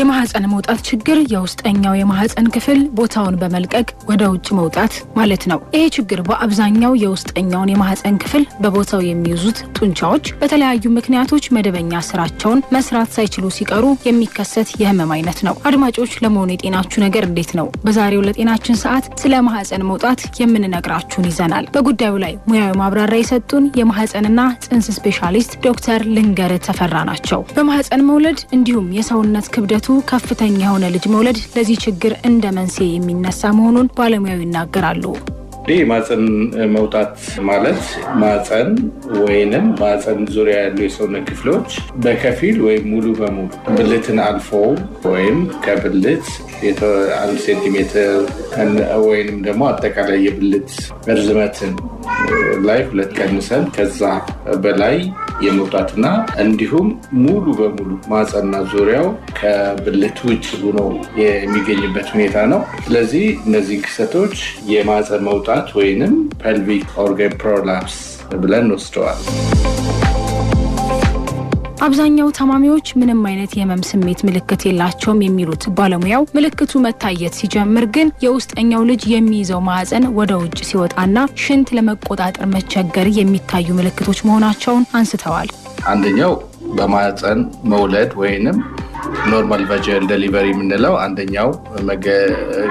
የማህፀን መውጣት ችግር የውስጠኛው የማህፀን ክፍል ቦታውን በመልቀቅ ወደ ውጭ መውጣት ማለት ነው። ይሄ ችግር በአብዛኛው የውስጠኛውን የማህፀን ክፍል በቦታው የሚይዙት ጡንቻዎች በተለያዩ ምክንያቶች መደበኛ ስራቸውን መስራት ሳይችሉ ሲቀሩ የሚከሰት የህመም አይነት ነው። አድማጮች፣ ለመሆኑ የጤናችሁ ነገር እንዴት ነው? በዛሬው ለጤናችን ሰዓት ስለ ማህፀን መውጣት የምንነግራችሁን ይዘናል። በጉዳዩ ላይ ሙያዊ ማብራሪያ የሰጡን የማህፀንና ጽንስ ስፔሻሊስት ዶክተር ልንገር ተፈራ ናቸው። በማህፀን መውለድ እንዲሁም የሰውነት ክብደቱ ከፍተኛ የሆነ ልጅ መውለድ ለዚህ ችግር እንደ መንስኤ የሚነሳ መሆኑን ባለሙያው ይናገራሉ። እንግዲህ ማፀን መውጣት ማለት ማፀን ወይንም ማፀን ዙሪያ ያሉ የሰውነት ክፍሎች በከፊል ወይም ሙሉ በሙሉ ብልትን አልፎ ወይም ከብልት አንድ ሴንቲሜትር ወይንም ደግሞ አጠቃላይ የብልት እርዝመትን ላይ ሁለት ቀንሰን ከዛ በላይ የመውጣትና እንዲሁም ሙሉ በሙሉ ማፀና ዙሪያው ከብልት ውጭ ሆኖ የሚገኝበት ሁኔታ ነው። ስለዚህ እነዚህ ክስተቶች የማህፀን መውጣት ወይንም ፐልቪክ ኦርጋን ፕሮላፕስ ብለን ወስደዋል። አብዛኛው ታማሚዎች ምንም አይነት የህመም ስሜት ምልክት የላቸውም የሚሉት ባለሙያው ምልክቱ መታየት ሲጀምር ግን የውስጠኛው ልጅ የሚይዘው ማዕፀን ወደ ውጭ ሲወጣና ሽንት ለመቆጣጠር መቸገር የሚታዩ ምልክቶች መሆናቸውን አንስተዋል። አንደኛው በማዕፀን መውለድ ወይንም ኖርማል ቫጀል ደሊቨሪ የምንለው አንደኛው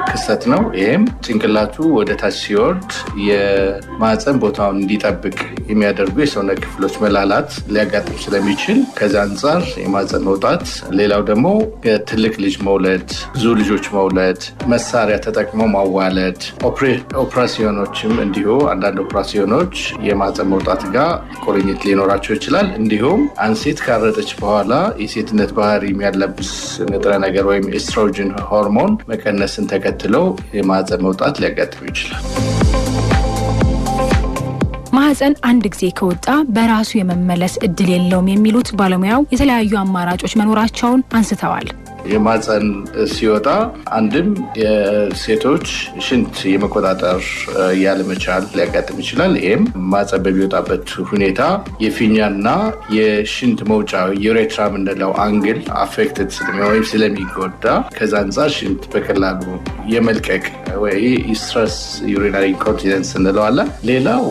ክስተት ነው። ይህም ጭንቅላቱ ወደ ታች ሲወርድ የማህፀን ቦታውን እንዲጠብቅ የሚያደርጉ የሰውነት ክፍሎች መላላት ሊያጋጥም ስለሚችል ከዚ አንጻር የማህፀን መውጣት፣ ሌላው ደግሞ ትልቅ ልጅ መውለድ፣ ብዙ ልጆች መውለድ፣ መሳሪያ ተጠቅሞ ማዋለድ፣ ኦፕራሲዮኖችም እንዲሁ አንዳንድ ኦፕራሲዮኖች የማህፀን መውጣት ጋር ቁርኝት ሊኖራቸው ይችላል። እንዲሁም አንሴት ካረጠች በኋላ የሴትነት ባህሪ የሚያለብ ንጥረ ነገር ወይም ኤስትሮጂን ሆርሞን መቀነስን ተከትለው የማህፀን መውጣት ሊያጋጥም ይችላል። ማህፀን አንድ ጊዜ ከወጣ በራሱ የመመለስ እድል የለውም የሚሉት ባለሙያው የተለያዩ አማራጮች መኖራቸውን አንስተዋል። የማፀን ሲወጣ አንድም የሴቶች ሽንት የመቆጣጠር ያለመቻል ሊያጋጥም ይችላል። ይህም ማፀን በሚወጣበት ሁኔታ የፊኛና የሽንት መውጫ ዩሬትራ የምንለው አንግል አፌክትድ ወይም ስለሚጎዳ ከዛ አንጻር ሽንት በቀላሉ የመልቀቅ ወይ ስትረስ ዩሪናሪ ኢንኮንቲነንስ እንለዋለን። ሌላው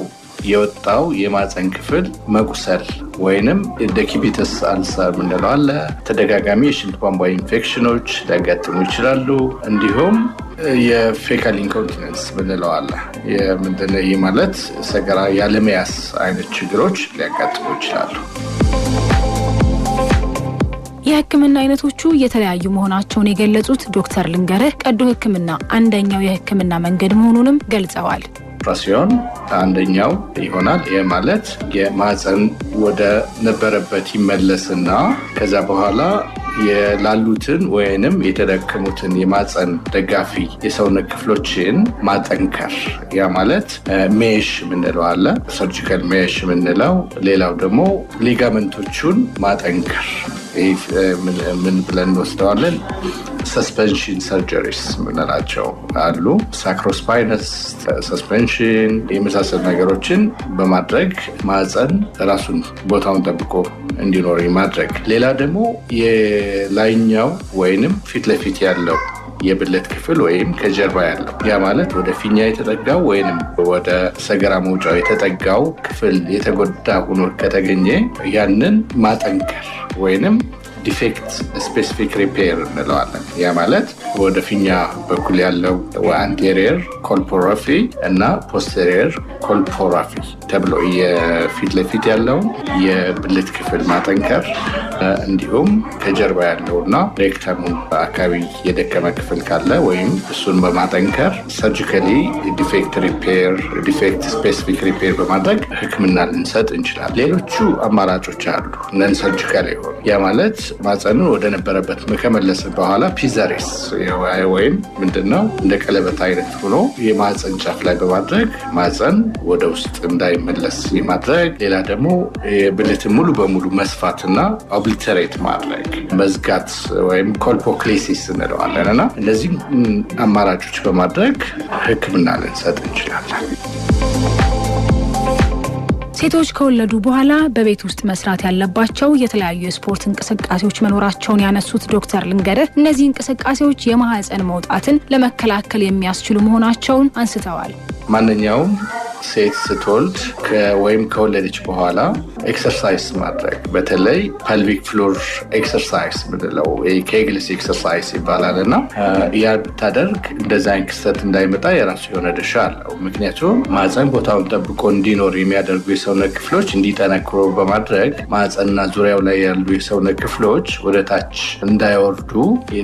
የወጣው የማፀን ክፍል መቁሰል ወይንም ደኪቢተስ አልሰር ምንለው አለ። ተደጋጋሚ የሽንት ቧንቧ ኢንፌክሽኖች ሊያጋጥሙ ይችላሉ። እንዲሁም የፌካል ኢንኮንቲነንስ ምንለው አለ። ምንድን ይህ ማለት ሰገራ ያለመያስ አይነት ችግሮች ሊያጋጥሙ ይችላሉ። የህክምና አይነቶቹ የተለያዩ መሆናቸውን የገለጹት ዶክተር ልንገርህ ቀዶ ህክምና አንደኛው የህክምና መንገድ መሆኑንም ገልጸዋል። ሲሆን አንደኛው ይሆናል። ይህ ማለት የማህፀን ወደ ነበረበት ይመለስና ከዛ በኋላ የላሉትን ወይንም የተደከሙትን የማፀን ደጋፊ የሰውነት ክፍሎችን ማጠንከር፣ ያ ማለት ሜሽ የምንለው አለ፣ ሰርጂካል ሜሽ የምንለው ሌላው ደግሞ ሊጋመንቶቹን ማጠንከር ምን ብለን እንወስደዋለን? ሰስፐንሽን ሰርጀሪስ ምንላቸው አሉ። ሳክሮስፓይነስ ሰስፐንሽን የመሳሰሉ ነገሮችን በማድረግ ማፀን ራሱን ቦታውን ጠብቆ እንዲኖር ማድረግ። ሌላ ደግሞ የላይኛው ወይንም ፊት ለፊት ያለው የብልት ክፍል ወይም ከጀርባ ያለው ያ ማለት ወደ ፊኛ የተጠጋው ወይንም ወደ ሰገራ መውጫው የተጠጋው ክፍል የተጎዳ ሆኖ ከተገኘ ያንን ማጠንከር ወይንም ዲፌክት ስፔሲፊክ ሪፔር እንለዋለን። ያ ማለት ወደ ፊኛ በኩል ያለው አንቴሪየር ኮልፖራፊ እና ፖስተሪየር ኮልፖራፊ ተብሎ የፊት ለፊት ያለው የብልት ክፍል ማጠንከር እንዲሁም ከጀርባ ያለው እና ሬክተሙ አካባቢ የደከመ ክፍል ካለ ወይም እሱን በማጠንከር ሰርጂካሊ ዲፌክት ሪፔር ዲፌክት ስፔሲፊክ ሪፔር በማድረግ ህክምና ልንሰጥ እንችላል። ሌሎቹ አማራጮች አሉ። ነን ሰርጂካል የሆኑ ያ ማለት ማጸኑ ወደነበረበት ከመለስ በኋላ ፒዘሬስ ወይም ምንድነው እንደ ቀለበት አይነት ሆኖ የማፀን ጫፍ ላይ በማድረግ ማፀን ወደ ውስጥ እንዳይመለስ የማድረግ ሌላ ደግሞ የብልትን ሙሉ በሙሉ መስፋትና ኦብሊተሬት ማድረግ መዝጋት ወይም ኮልፖክሌሲስ እንለዋለን እና እነዚህም አማራጮች በማድረግ ህክምና ልንሰጥ እንችላለን። ሴቶች ከወለዱ በኋላ በቤት ውስጥ መስራት ያለባቸው የተለያዩ የስፖርት እንቅስቃሴዎች መኖራቸውን ያነሱት ዶክተር ልንገደ እነዚህ እንቅስቃሴዎች የማህፀን መውጣትን ለመከላከል የሚያስችሉ መሆናቸውን አንስተዋል። ማንኛውም ሴት ስትወልድ ወይም ከወለደች በኋላ ኤክሰርሳይዝ ማድረግ በተለይ ፐልቪክ ፍሎር ኤክሰርሳይዝ ምንለው ከግልስ ኤክሰርሳይዝ ይባላል እና ያ ብታደርግ እንደዚ አይነት ክስተት እንዳይመጣ የራሱ የሆነ ድርሻ አለው። ምክንያቱም ማፀን ቦታውን ጠብቆ እንዲኖር የሚያደርጉ የሰውነት ክፍሎች እንዲጠነክሩ በማድረግ ማፀንና ዙሪያው ላይ ያሉ የሰውነት ክፍሎች ወደታች እንዳይወርዱ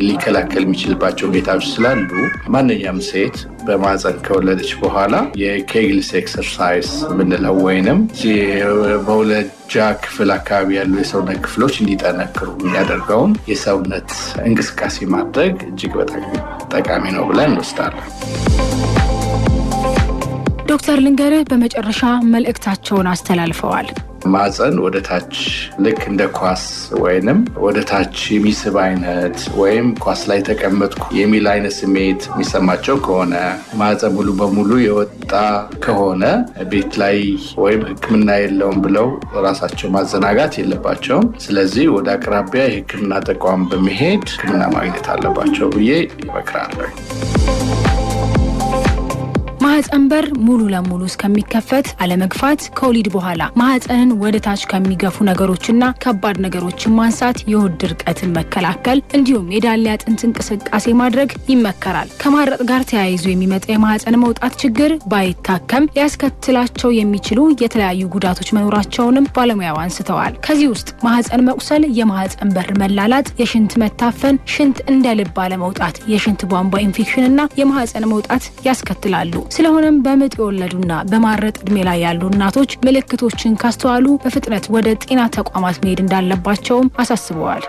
ሊከላከል የሚችልባቸው ሁኔታዎች ስላሉ ማንኛውም ሴት በማፀን ከወለደች በኋላ የኬግልስ ኤክሰርሳይዝ የምንለው ወይንም በውለጃ ክፍል አካባቢ ያሉ የሰውነት ክፍሎች እንዲጠነክሩ የሚያደርገውን የሰውነት እንቅስቃሴ ማድረግ እጅግ በጣም ጠቃሚ ነው ብለን እንወስዳለን። ዶክተር ልንገርህ በመጨረሻ መልእክታቸውን አስተላልፈዋል። ማፀን ወደ ታች ልክ እንደ ኳስ ወይንም ወደ ታች የሚስብ አይነት ወይም ኳስ ላይ ተቀመጥኩ የሚል አይነት ስሜት የሚሰማቸው ከሆነ ማፀን ሙሉ በሙሉ የወጣ ከሆነ ቤት ላይ ወይም ህክምና የለውም ብለው ራሳቸው ማዘናጋት የለባቸውም። ስለዚህ ወደ አቅራቢያ የህክምና ተቋም በመሄድ ህክምና ማግኘት አለባቸው ብዬ ይመክራለሁ። ማህፀን በር ሙሉ ለሙሉ እስከሚከፈት አለመግፋት፣ ከወሊድ በኋላ ማህፀንን ወደ ታች ከሚገፉ ነገሮችና ከባድ ነገሮችን ማንሳት፣ የሆድ ድርቀትን መከላከል እንዲሁም የዳሌ አጥንት እንቅስቃሴ ማድረግ ይመከራል። ከማረጥ ጋር ተያይዞ የሚመጣ የማህፀን መውጣት ችግር ባይታከም ሊያስከትላቸው የሚችሉ የተለያዩ ጉዳቶች መኖራቸውንም ባለሙያው አንስተዋል። ከዚህ ውስጥ ማህፀን መቁሰል፣ የማህፀን በር መላላት፣ የሽንት መታፈን፣ ሽንት እንደ ልብ አለመውጣት፣ የሽንት ቧንቧ ኢንፌክሽን የማህፀን መውጣት ያስከትላሉ። ስለሆነም በምጥ የወለዱና በማረጥ እድሜ ላይ ያሉ እናቶች ምልክቶችን ካስተዋሉ በፍጥነት ወደ ጤና ተቋማት መሄድ እንዳለባቸውም አሳስበዋል።